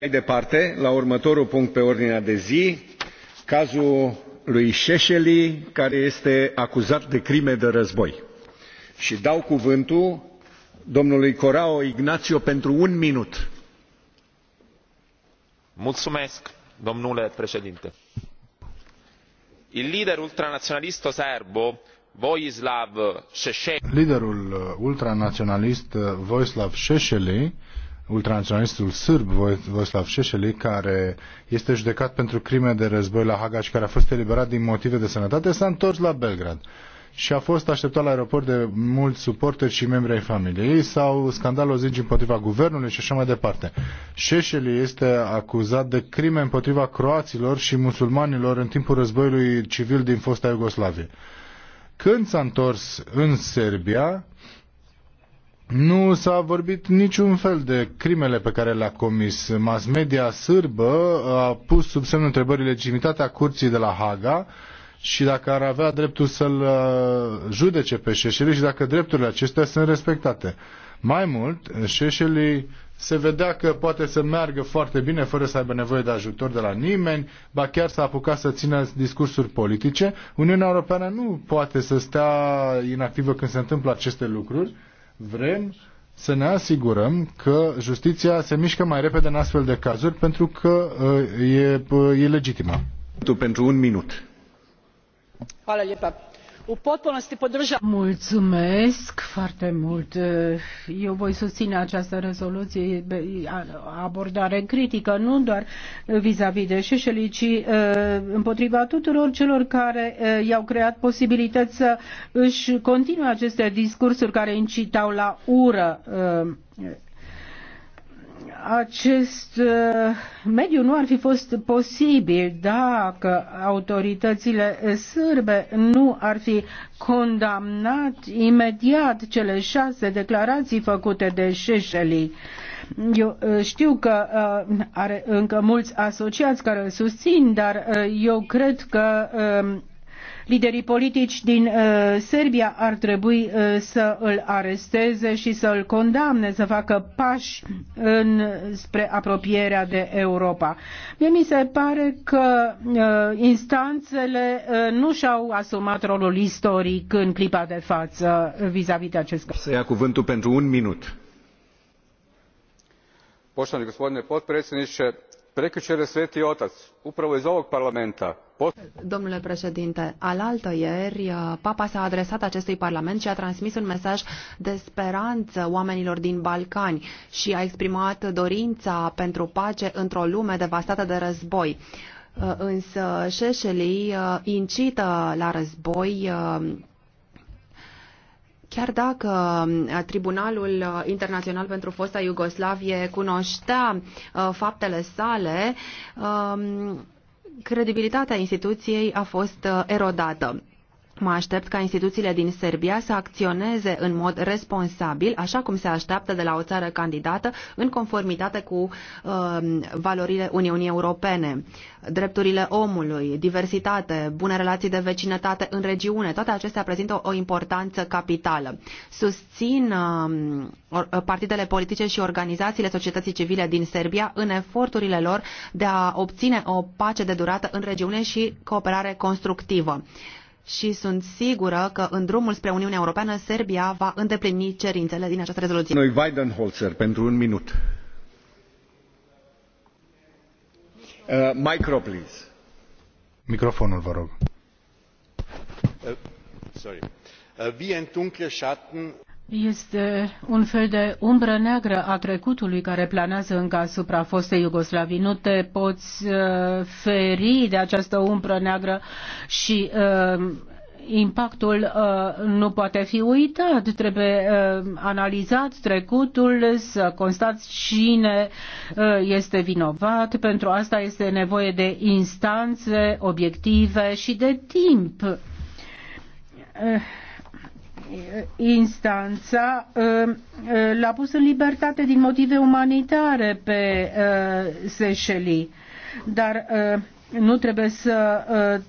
mai departe la următorul punct pe ordinea de zi cazul lui eelj care este acuzat de crime de război și dau cuvântul domnului corrao ignacio pentru un minut. Mulțumesc, domnule președinte il leader serbo vojislav șešelj liderul ultranaționalist vojislav eelj ultranaționalistul sârb Voslav Șeșeli, care este judecat pentru crime de război la Haga și care a fost eliberat din motive de sănătate, s-a întors la Belgrad și a fost așteptat la aeroport de mulți suporteri și membri ai familiei sau scandalul zingi împotriva guvernului și așa mai departe. Șeșeli este acuzat de crime împotriva croaților și musulmanilor în timpul războiului civil din fosta Iugoslavie. Când s-a întors în Serbia, nu s-a vorbit niciun fel de crimele pe care le-a comis. Mass media sârbă a pus sub semnul întrebării legitimitatea curții de la Haga și dacă ar avea dreptul să-l uh, judece pe Șeșeli și dacă drepturile acestea sunt respectate. Mai mult, Șeșeli se vedea că poate să meargă foarte bine fără să aibă nevoie de ajutor de la nimeni, ba chiar s-a apucat să țină discursuri politice. Uniunea Europeană nu poate să stea inactivă când se întâmplă aceste lucruri Vrem să ne asigurăm că justiția se mișcă mai repede în astfel de cazuri pentru că uh, e ilegitimă. Uh, pentru un minut. Hvala lijepa u potpunosti podržavam. Mulțumesc foarte mult. Eu voi susține această rezoluție, abordare critică, nu doar vis-a-vis -vis de Șeșeli, ci uh, împotriva tuturor celor care uh, i-au creat posibilități să își continue aceste discursuri care incitau la ură uh, acest uh, mediu nu ar fi fost posibil dacă autoritățile sârbe nu ar fi condamnat imediat cele șase declarații făcute de Șeșeli. Eu uh, știu că uh, are încă mulți asociați care îl susțin, dar eu cred că liderii politici din uh, Serbia ar trebui uh, să îl aresteze și să îl condamne, să facă pași în, spre apropierea de Europa. Mie mi se pare că uh, instanțele nu și-au asumat rolul istoric în clipa de față vis-a-vis de acest caz. Să ia cuvântul pentru un minut. Poštovani gospodine potpredsjedniče, prekjuer je sveti otac upravo iz ovog parlamenta Domnule președinte, alaltăieri uh, papa s-a adresat acestui parlament și a transmis un mesaj de speranță oamenilor din Balcani și a exprimat dorința pentru pace într-o lume devastată de război. Uh, însă Șeșeli uh, incită la război Chiar dacă uh, Tribunalul uh, Internațional pentru Fosta Iugoslavie cunoștea uh, faptele sale, um, credibilitatea instituției a fost erodată. Mă aștept ca instituțiile din Serbia să acționeze în mod responsabil, așa cum se așteaptă de la o țară candidată, în conformitate cu uh, valorile Uniunii Europene, drepturile omului, diversitate, bune relații de vecinătate în regiune. Toate acestea prezintă o importanță capitală. Susțin uh, partidele politice și organizațiile societății civile din Serbia în eforturile lor de a obține o pace de durată în regiune și cooperare constructivă. Uh, și sunt sigură că în drumul spre Uniunea Europeană Serbia va îndeplini cerințele din această rezoluție. Noi Weidenholzer pentru un minut. Uh, micro, please. Microfonul, vă rog. Uh, sorry. Uh, wie ein dunkler Schatten este un fel de umbră neagră a trecutului care planează încă asupra fostei Iugoslavii. Nu te poți uh, feri de această umbră neagră și uh, impactul uh, nu poate fi uitat. Trebuie uh, analizat trecutul, să constați cine uh, este vinovat. Pentru asta este nevoie de instanțe obiective și de timp. Uh, instanța uh, uh, l-a pus în libertate din motive umanitare pe uh, Seșeli. Dar nu trebuie să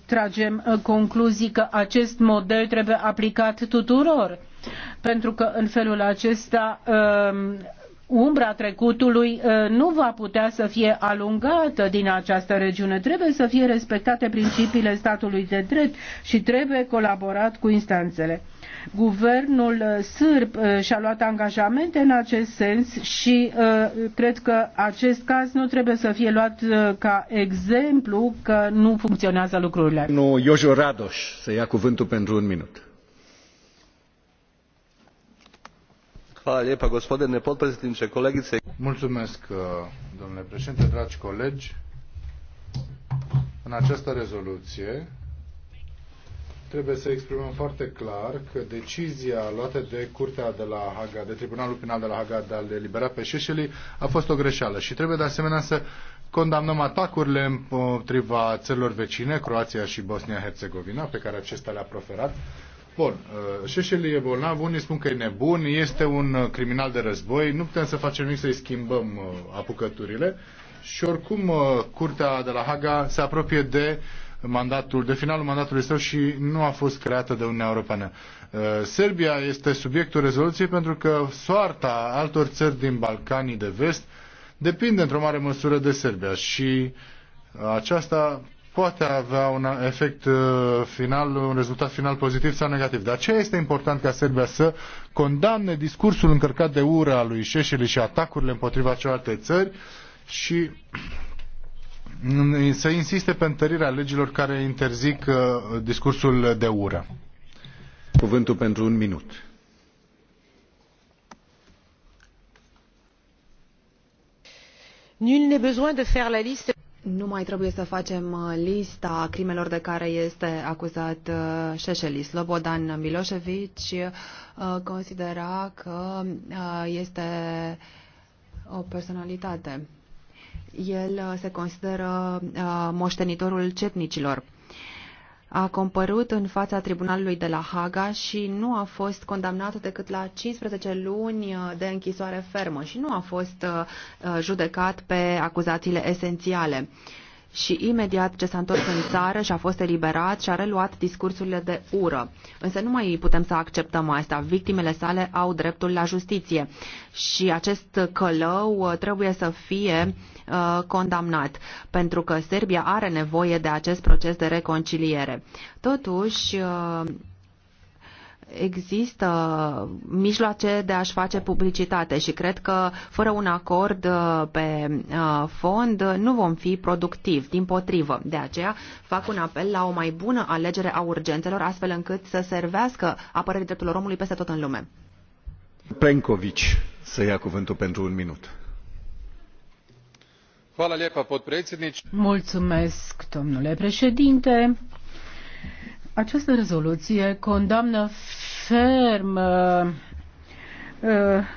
tragem concluzii că acest model trebuie aplicat tuturor pentru că în felul acesta umbra trecutului uh, nu va putea să fie alungată din această regiune. Trebuie să fie respectate principiile statului de drept și trebuie colaborat cu instanțele. Guvernul uh, sârb uh, și-a luat angajamente în acest sens și cred că acest caz nu trebuie să fie luat ca exemplu că nu funcționează lucrurile. Nu, Iojo Radoș să ia cuvântul pentru un minut. Mulțumesc, uh, domnule președinte, dragi colegi. În această rezoluție trebuie să exprimăm foarte clar că decizia luată de Curtea de la Haga, de Tribunalul Penal de la Haga de a-l elibera pe Șeșeli a fost o greșeală și trebuie de asemenea să condamnăm atacurile împotriva țărilor vecine, Croația și Bosnia-Herzegovina, pe care acestea le-a proferat Bun, uh, Șeșeli e bolnav, unii spun că e nebun, este un uh, criminal de război, nu putem să facem nimic să-i schimbăm uh, apucăturile și oricum curtea de la Haga se apropie de mandatul, de finalul mandatului său și nu a fost creată de Uniunea Europeană. Serbia este subiectul rezoluției pentru că soarta altor țări din Balcanii de vest depinde într-o mare măsură de Serbia și aceasta poate avea un efect uh, final, un rezultat final pozitiv sau negativ. Dar ce este important ca Serbia să condamne discursul încărcat de ură a lui Șeșeli și atacurile împotriva celorlalte țări și să insiste pe întărirea legilor care interzic uh, discursul de ură. Cuvântul pentru un minut. Nul n'est besoin de faire la liste nu mai trebuie să facem uh, lista crimelor de care este acuzat uh, Șeșeli. Slobodan Milosevic uh, considera că este o personalitate. El se consideră moștenitorul cetnicilor a compărut în fața tribunalului de la Haga și nu a fost condamnată decât la 15 luni uh, de închisoare fermă și nu a fost uh, uh, judecat pe acuzațiile esențiale. Uh, și imediat ce s-a întors în țară și a fost eliberat și a reluat discursurile de ură. Însă nu mai putem să acceptăm asta. Victimele sale au dreptul la justiție și acest călău uh, trebuie să fie uh, condamnat, pentru că Serbia are nevoie de acest proces de reconciliere. Totuși, uh, există mijloace de a-și face publicitate și cred că fără un acord uh, pe uh, fond uh, nu vom fi productivi, din potrivă. De aceea fac un apel la o mai bună alegere a urgențelor, astfel încât să servească apărării drepturilor omului peste tot în lume. Plenković să ia cuvântul pentru un minut. Mulțumesc, domnule președinte această rezoluție condamnă ferm uh, Uh,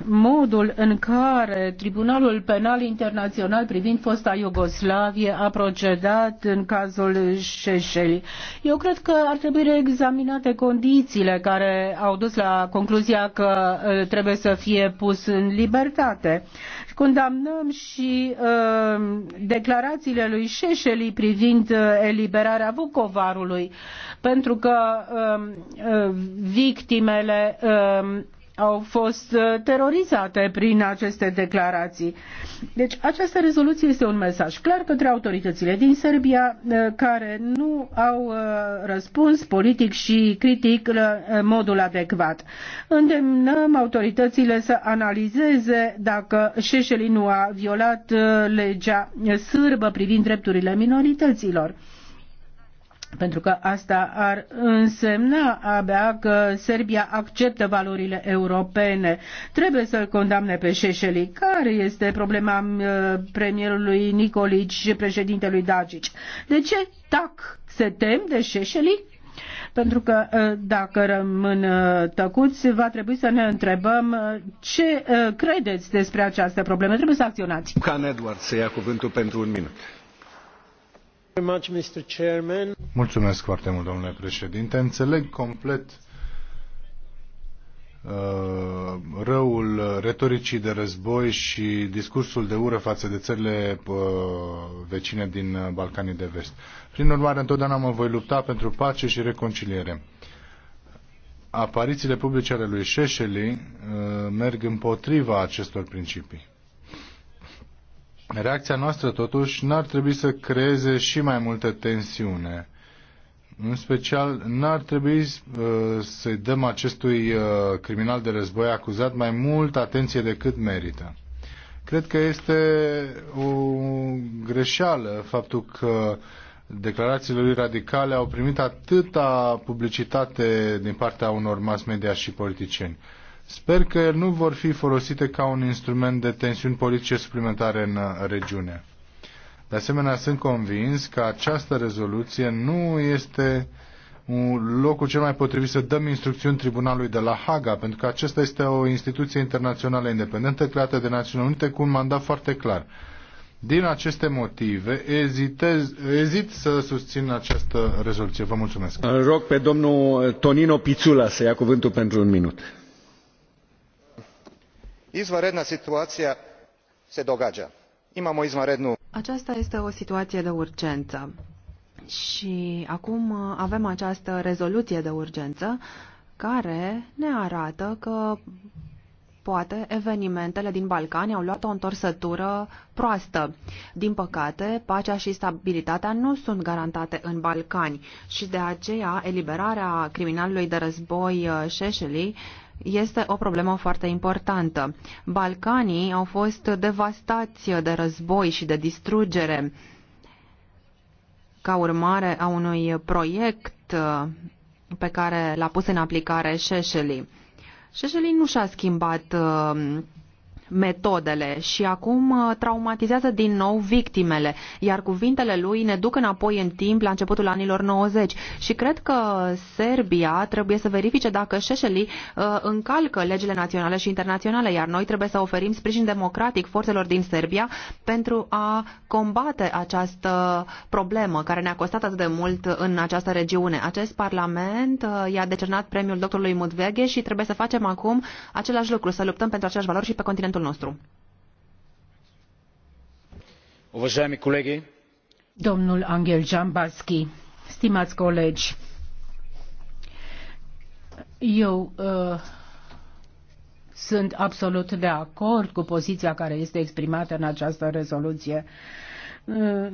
modul în care Tribunalul Penal Internațional privind fosta Iugoslavie a procedat în cazul Șeșeli. Eu cred că ar trebui reexaminate condițiile care au dus la concluzia că uh, trebuie să fie pus în libertate. Condamnăm și uh, declarațiile lui Șeșeli privind uh, eliberarea Vucovarului, pentru că um, uh, victimele uh, au fost uh, terorizate prin aceste declarații. Deci această rezoluție este un mesaj clar către autoritățile din Serbia uh, care nu au uh, răspuns politic și critic în modul adecvat. Îndemnăm autoritățile să analizeze dacă Șeșelinu a violat legea sârbă privind drepturile minorităților pentru că asta ar însemna abia că Serbia acceptă valorile europene. Trebuie să-l condamne pe Șeșeli. Care este problema uh, premierului Nicolici și președintelui Dacici? De ce TAC se tem de Șeșeli? Pentru că uh, dacă rămân uh, tăcuți, va trebui să ne întrebăm ce credeți despre această problemă. Trebuie să acționați. Can Edward să ia cuvântul pentru un minut. Mulțumesc foarte mult, domnule președinte. Înțeleg complet uh, răul retoricii de război și discursul de ură față de țările uh, vecine din uh, Balcanii de Vest. Prin urmare, întotdeauna mă voi lupta pentru pace și reconciliere. Aparițiile publice ale lui Șeșeli merg împotriva acestor principii. Reacția noastră, totuși, n-ar trebui să creeze și mai multă tensiune. În special, n-ar trebui uh, să-i dăm acestui uh, criminal de război acuzat mai mult atenție decât merită. Cred că este o greșeală faptul că declarațiile lui radicale au primit atâta publicitate din partea unor mass media și politicieni. Uh, Sper că nu vor fi folosite ca un instrument de tensiuni politice suplimentare în uh, regiune. De asemenea, sunt convins că această rezoluție nu este un locul cel mai potrivit să dăm instrucțiuni Tribunalului de la Haga, pentru că acesta este o instituție internațională independentă creată de Națiunile Unite cu un mandat foarte clar. Din aceste motive, ezitez, ezit să susțin această rezoluție. Vă mulțumesc. rog pe domnul Tonino Pițula să ia cuvântul pentru un minut izvanredna situacija se događa. Imamo izvanrednu... Aceasta este o situație de urgență și acum uh, avem această rezoluție de urgență care ne arată că poate evenimentele din Balcani au luat o întorsătură proastă. Din păcate, pacea și stabilitatea nu sunt garantate în Balcani și de aceea eliberarea criminalului de război Șeșeli uh, este o problemă foarte importantă. Balcanii au fost devastați de război și de distrugere ca urmare a unui proiect uh, pe care l-a pus în aplicare Șeșeli. Șeșeli nu și-a schimbat uh, metodele și acum uh, traumatizează din nou victimele, iar cuvintele lui ne duc înapoi în timp la începutul anilor 90 și cred că Serbia trebuie să verifice dacă Șeșeli uh, încalcă legile naționale și internaționale, iar noi trebuie să oferim sprijin democratic forțelor din Serbia pentru a combate această problemă care ne-a costat atât de mult în această regiune. Acest Parlament uh, i-a decernat premiul doctorului Mudveghe și trebuie să facem acum același lucru, să luptăm pentru aceleași valori și pe continentul nostru. Domnul Angel Jambalski, stimați colegi, eu uh, sunt absolut de acord cu poziția care este exprimată în această rezoluție. Uh,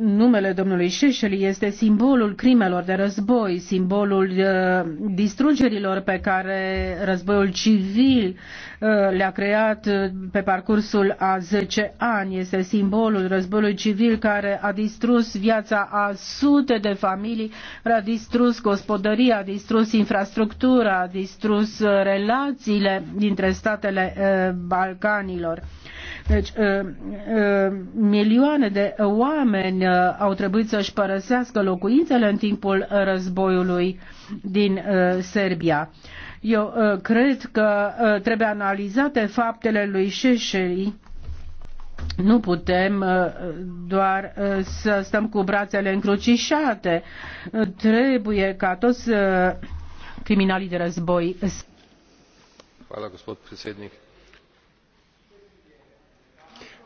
numele domnului Șeșeli este simbolul crimelor de război, simbolul uh, distrugerilor pe care războiul civil uh, le-a creat uh, pe parcursul a 10 ani, este simbolul războiului civil care a distrus viața a sute de familii, a distrus gospodăria, a distrus infrastructura, a distrus relațiile dintre statele Balcanilor. Deci, uh, uh, milioane de oameni uh, au trebuit să-și părăsească locuințele în timpul războiului din Serbia. Eu cred că trebuie analizate faptele lui Șeșei. Nu putem doar să stăm cu brațele încrucișate. Trebuie ca toți criminalii de război. Hvala, gospod predsjednik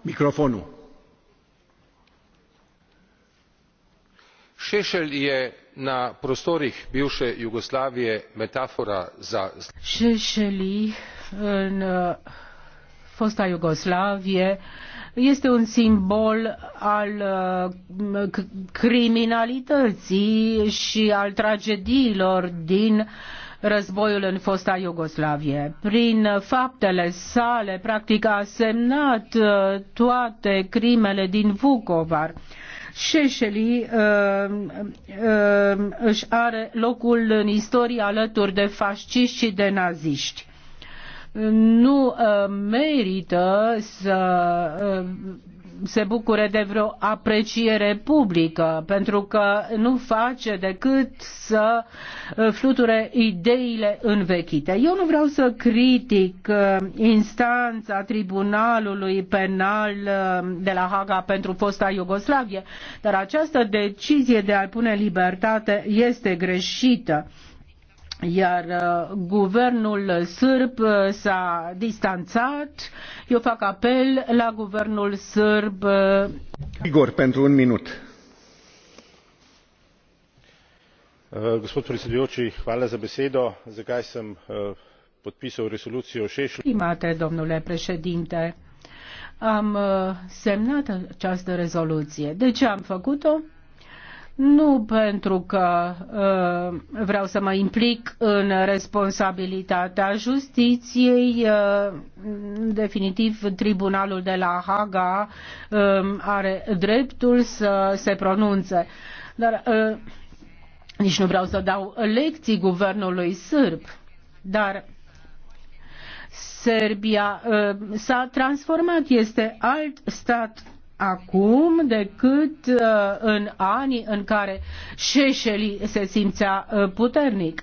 microfonul. šešelj je na prostorih bivše jugoslavije metafora za. šešelj în uh, fosta Iugoslavie este un simbol al uh, criminalității și al tragediilor din războiul în fosta Iugoslavie. Prin faptele sale, practic a semnat uh, toate crimele din Vukovar. Șeșeli uh, uh, își are locul în istorie alături de fasciști și de naziști. Nu uh, merită să uh, se bucure de vreo apreciere publică, pentru că nu face decât să uh, fluture ideile învechite. Eu nu vreau să critic uh, instanța Tribunalului Penal uh, de la Haga pentru fosta Iugoslavie, dar această decizie de a-l pune în libertate este greșită iar uh, guvernul sârb uh, s-a distanțat. Eu fac apel la guvernul sârb. Uh, Igor, pentru un minut. Gospod domnule președinte. Am semnat această rezoluție. De ce am făcut-o? nu pentru că uh, vreau să mă implic în responsabilitatea justiției. Uh, definitiv, tribunalul de la Haga uh, are dreptul să se pronunțe. Dar uh, nici nu vreau să dau lecții guvernului sârb. Dar Serbia uh, s-a transformat, este alt stat acum decât uh, în anii în care Șeșeli se simțea uh, puternic.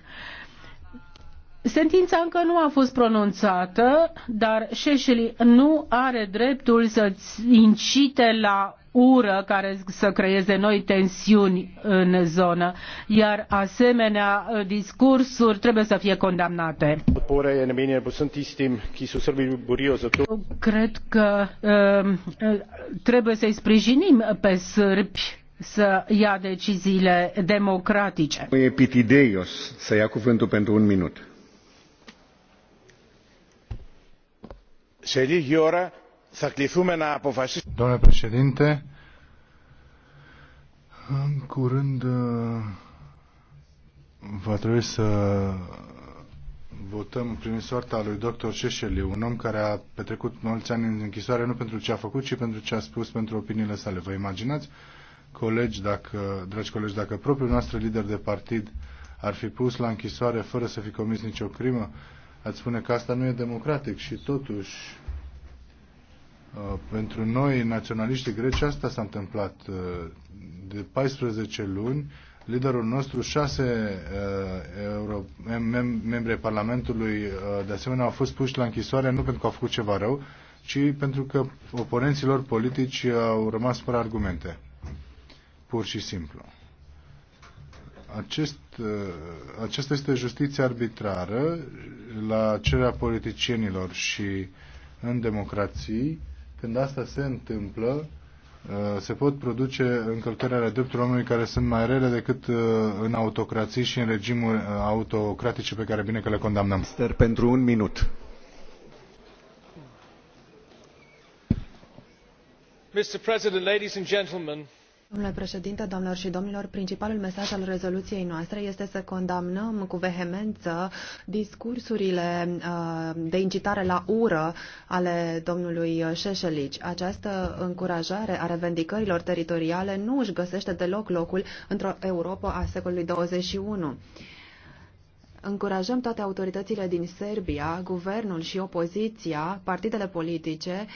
Sentința încă nu a fost pronunțată, dar Șeșeli nu are dreptul să incite la ură care să creeze noi tensiuni în zonă, iar asemenea uh, discursuri trebuie să fie condamnate. Cred că um, uh, trebuie să-i sprijinim pe sârbi să ia deciziile democratice. Epitideios să ia cuvântul pentru un minut. Se λίγη ora. Domnule președinte, în curând uh, va trebui să votăm prin soarta lui dr. Șeșeli, un om care a petrecut mulți ani în închisoare nu pentru ce a făcut, ci pentru ce a spus, pentru opiniile sale. Vă imaginați, colegi, dacă, dragi colegi, dacă propriul nostru lider de partid ar fi pus la închisoare fără să fi comis nicio crimă, ați spune că asta nu e democratic și totuși Uh, pentru noi, naționaliștii greci, asta s-a întâmplat. Uh, de 14 luni, liderul nostru, șase uh, euro, mem- membri ai Parlamentului, de asemenea, au fost puși la închisoare nu pentru că au făcut ceva rău, ci pentru că oponenților politici au rămas fără argumente. Pur și simplu acest, aceasta este justiție arbitrară la cererea politicienilor și în democrații când asta se întâmplă, uh, se pot produce încălcări ale drepturilor omului care sunt mai rele decât uh, în autocrații și în regimuri uh, autocratice pe care bine că le condamnăm. Ster pentru un minut. Mr. President, ladies and gentlemen, Domnule președinte, doamnelor și domnilor, principalul mesaj al rezoluției noastre este să condamnăm cu vehemență discursurile uh, de incitare la ură ale domnului Șeșelici. Această încurajare a revendicărilor teritoriale nu își găsește deloc locul într-o Europa a secolului 21. Încurajăm toate autoritățile din Serbia, guvernul și opoziția, partidele politice, uh,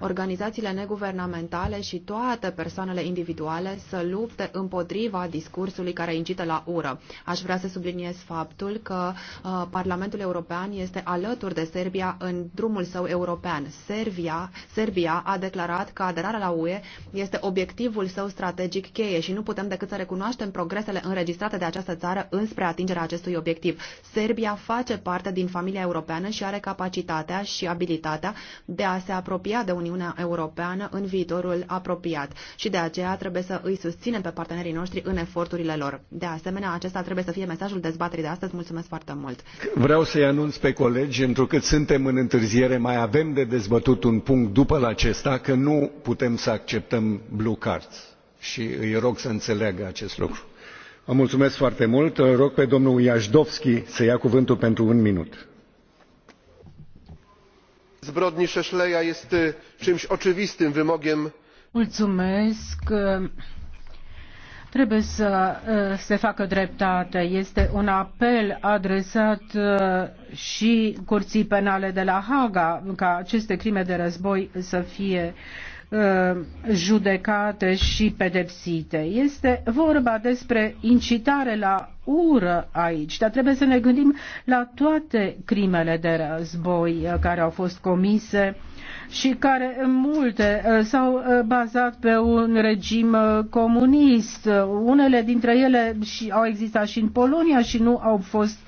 organizațiile neguvernamentale și toate persoanele individuale să lupte împotriva discursului care incită la ură. Aș vrea să subliniez faptul că uh, Parlamentul European este alături de Serbia în drumul său european. Serbia, Serbia a declarat că aderarea la UE este obiectivul său strategic cheie și nu putem decât să recunoaștem progresele înregistrate de această țară înspre atingerea acestui obiectiv. Serbia face parte din familia europeană și are capacitatea și abilitatea de a se apropia de un Uniunea Europeană în viitorul apropiat și de aceea trebuie să îi susținem pe partenerii noștri în eforturile lor. De asemenea, acesta trebuie să fie mesajul dezbaterii de astăzi. Mulțumesc foarte mult! Vreau să-i anunț pe colegi, întrucât suntem în întârziere, mai avem de dezbătut un punct după la acesta, că nu putem să acceptăm blue cards și îi rog să înțeleagă acest lucru. Vă mulțumesc foarte mult. Îl rog pe domnul Iașdovski să ia cuvântul pentru un minut zbrodni szeszela jest czymś oczywistym wymogiem. Trebuie să se facă dreptate. Este un apel adresat și Curții Penale de la Haga ca aceste crime de război să fie judecate și pedepsite. Este vorba despre incitare la ură aici, dar trebuie să ne gândim la toate crimele de război uh, care au fost comise și care multe uh, s-au uh, bazat pe un regim comunist. Unele dintre ele și au existat și în Polonia și nu au fost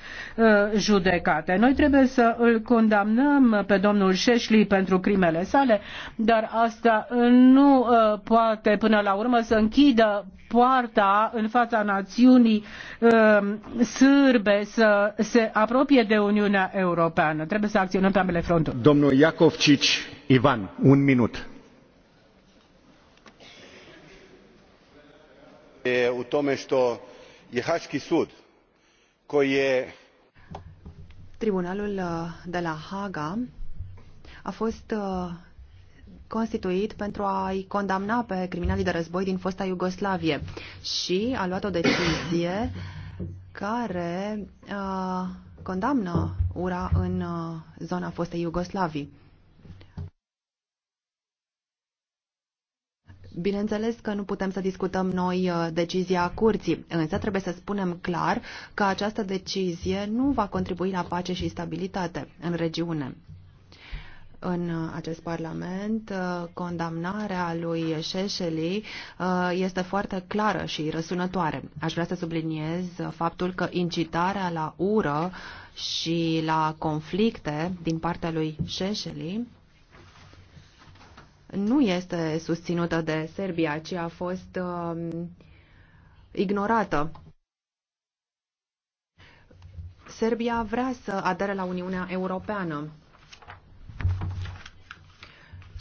judecate. Noi trebuie să îl condamnăm pe domnul Șeșli pentru crimele sale, dar asta nu poate până la urmă să închidă poarta în fața națiunii uh, Um, sârbe să se apropie de Uniunea Europeană. Trebuie să acționăm pe ambele fronturi. Domnul Ivan, un minut. u tome što je haški sud koji je Tribunalul uh, de la Haga a fost uh, constituit pentru a-i condamna pe criminalii de război din fosta Iugoslavie și a luat o decizie care uh, condamnă ura în uh, zona fostei Iugoslavii. Bineînțeles că nu putem să discutăm noi uh, decizia curții, însă trebuie să spunem clar că această decizie nu va contribui la pace și stabilitate în regiune în uh, acest Parlament. Uh, condamnarea lui Șeșeli uh, este foarte clară și răsunătoare. Aș vrea să subliniez faptul că incitarea la ură și la conflicte din partea lui Șeșeli nu este susținută de Serbia, ci a fost uh, ignorată. Serbia vrea să adere la Uniunea Europeană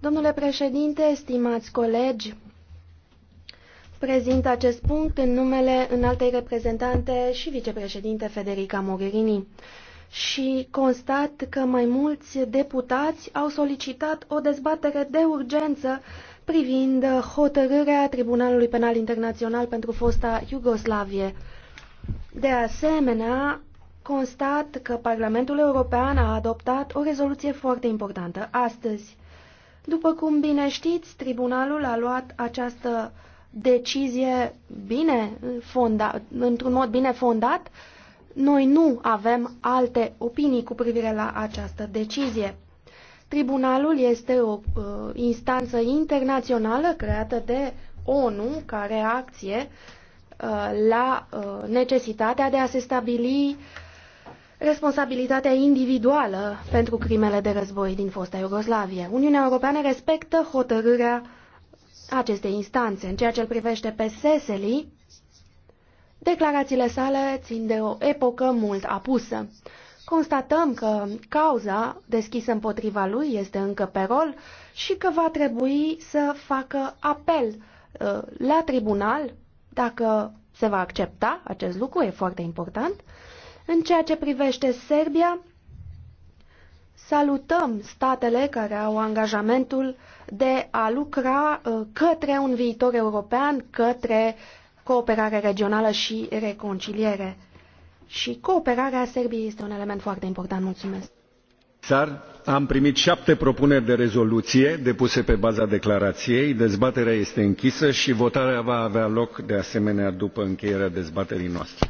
domnule președinte stimați colegi prezint acest punct în numele înaltei reprezentante și vicepreședinte federica mogherini și constat că mai mulți deputați au solicitat o dezbatere de urgență privind hotărârea Tribunalului Penal Internațional pentru fosta Iugoslavie de asemenea, constat că Parlamentul European a adoptat o rezoluție foarte importantă astăzi. După cum bine știți, tribunalul a luat această decizie bine într-un mod bine fondat. Noi nu avem alte opinii cu privire la această decizie. Tribunalul este o uh, instanță internațională creată de ONU ca reacție uh, Uh, la uh, necesitatea de a se stabili responsabilitatea individuală pentru crimele de război din fosta Iugoslavie. Uniunea Europeană respectă hotărârea acestei instanțe. În ceea ce îl privește pe Seseli, declarațiile sale țin de o epocă mult apusă. Constatăm că cauza deschisă împotriva lui este încă pe rol și că va trebui să facă apel uh, la tribunal dacă se va accepta acest lucru, e foarte important. În ceea ce privește Serbia, salutăm statele care au angajamentul de a lucra uh, către un viitor european, către cooperare regională și reconciliere. Și cooperarea Serbiei este un element foarte important. Mulțumesc! comisar am primit șapte propuneri de rezoluție depuse pe baza declarației dezbaterea este închisă și votarea va avea loc de asemenea după încheierea dezbaterii noastre.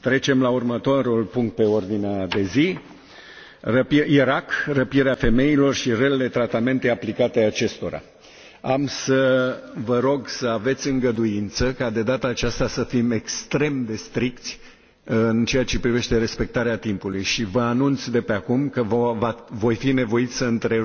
trecem la următorul punct pe ordinea de zi irak răpirea femeilor și relele tratamente aplicate acestora. am să vă rog să aveți îngăduință ca de data aceasta să fim extrem de stricți în ceea ce privește respectarea timpului și vă anunț de pe acum că voi fi nevoit să întrerup